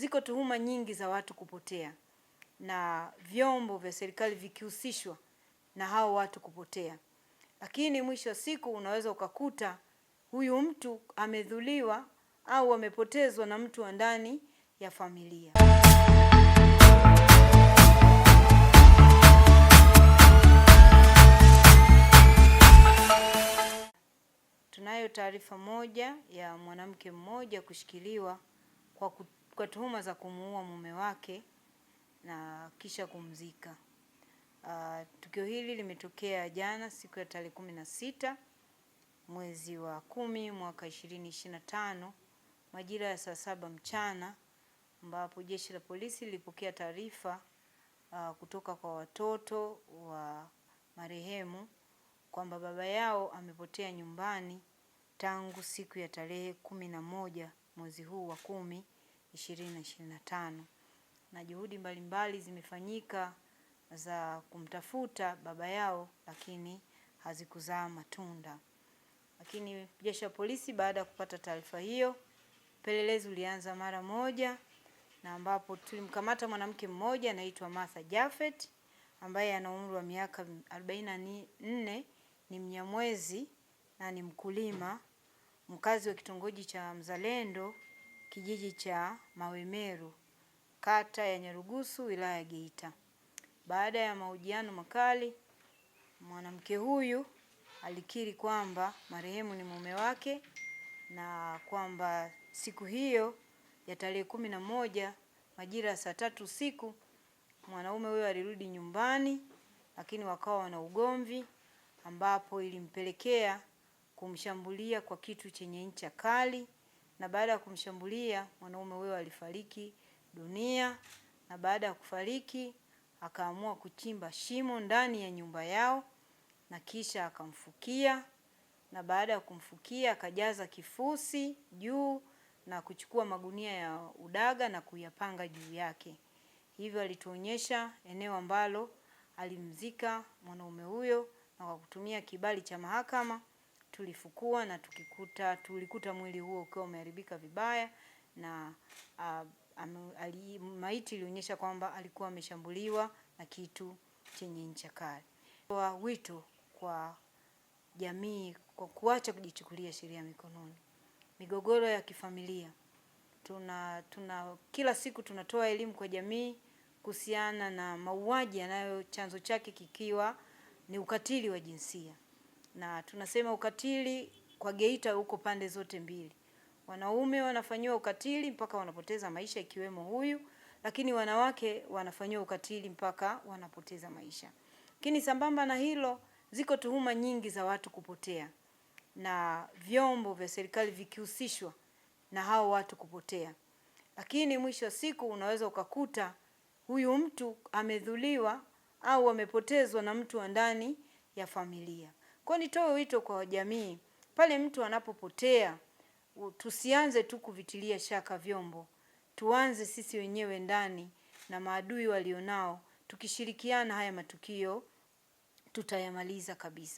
Ziko tuhuma nyingi za watu kupotea na vyombo vya serikali vikihusishwa na hao watu kupotea, lakini mwisho wa siku unaweza ukakuta huyu mtu amedhuliwa au amepotezwa na mtu wa ndani ya familia. Tunayo taarifa moja ya mwanamke mmoja kushikiliwa kwa kwa tuhuma za kumuua mume wake na kisha kumzika. Uh, tukio hili limetokea jana siku ya tarehe kumi na sita mwezi wa kumi mwaka ishirini ishirini na tano majira ya saa saba mchana ambapo jeshi la polisi lilipokea taarifa uh, kutoka kwa watoto wa marehemu kwamba baba yao amepotea nyumbani tangu siku ya tarehe kumi na moja mwezi huu wa kumi 2025 na juhudi mbalimbali zimefanyika za kumtafuta baba yao, lakini hazikuzaa matunda. Lakini jeshi la polisi baada ya kupata taarifa hiyo, upelelezi ulianza mara moja, na ambapo tulimkamata mwanamke mmoja anaitwa Martha jafet ambaye ana umri wa miaka 44, ni Mnyamwezi na ni mkulima mkazi wa kitongoji cha Mzalendo kijiji cha Mawemeru, kata ya Nyarugusu, wilaya ya Geita. Baada ya mahojiano makali, mwanamke huyu alikiri kwamba marehemu ni mume wake na kwamba siku hiyo ya tarehe kumi na moja majira ya saa tatu usiku mwanaume huyo alirudi nyumbani, lakini wakawa na ugomvi ambapo ilimpelekea kumshambulia kwa kitu chenye ncha kali na baada ya kumshambulia mwanaume huyo alifariki dunia, na baada ya kufariki akaamua kuchimba shimo ndani ya nyumba yao na kisha akamfukia, na baada ya kumfukia akajaza kifusi juu na kuchukua magunia ya udaga na kuyapanga juu yake. Hivyo alituonyesha eneo ambalo alimzika mwanaume huyo na kwa kutumia kibali cha mahakama tulifukua na tukikuta, tulikuta mwili huo ukiwa umeharibika vibaya na uh, am, ali, maiti ilionyesha kwamba alikuwa ameshambuliwa na kitu chenye ncha kali. Kwa wito kwa jamii kwa kuacha kujichukulia sheria mikononi. Migogoro ya kifamilia tuna, tuna kila siku tunatoa elimu kwa jamii kuhusiana na mauaji yanayo chanzo chake kikiwa ni ukatili wa jinsia na tunasema ukatili kwa Geita huko pande zote mbili, wanaume wanafanyiwa ukatili mpaka wanapoteza maisha ikiwemo huyu, lakini wanawake wanafanyiwa ukatili mpaka wanapoteza maisha. Lakini sambamba na hilo, ziko tuhuma nyingi za watu kupotea na vyombo vya serikali vikihusishwa na hao watu kupotea, lakini mwisho wa siku unaweza ukakuta huyu mtu amedhuliwa au amepotezwa na mtu wa ndani ya familia. Kwa nitoe wito kwa jamii, pale mtu anapopotea tusianze tu kuvitilia shaka vyombo, tuanze sisi wenyewe ndani na maadui walionao. Tukishirikiana haya matukio tutayamaliza kabisa.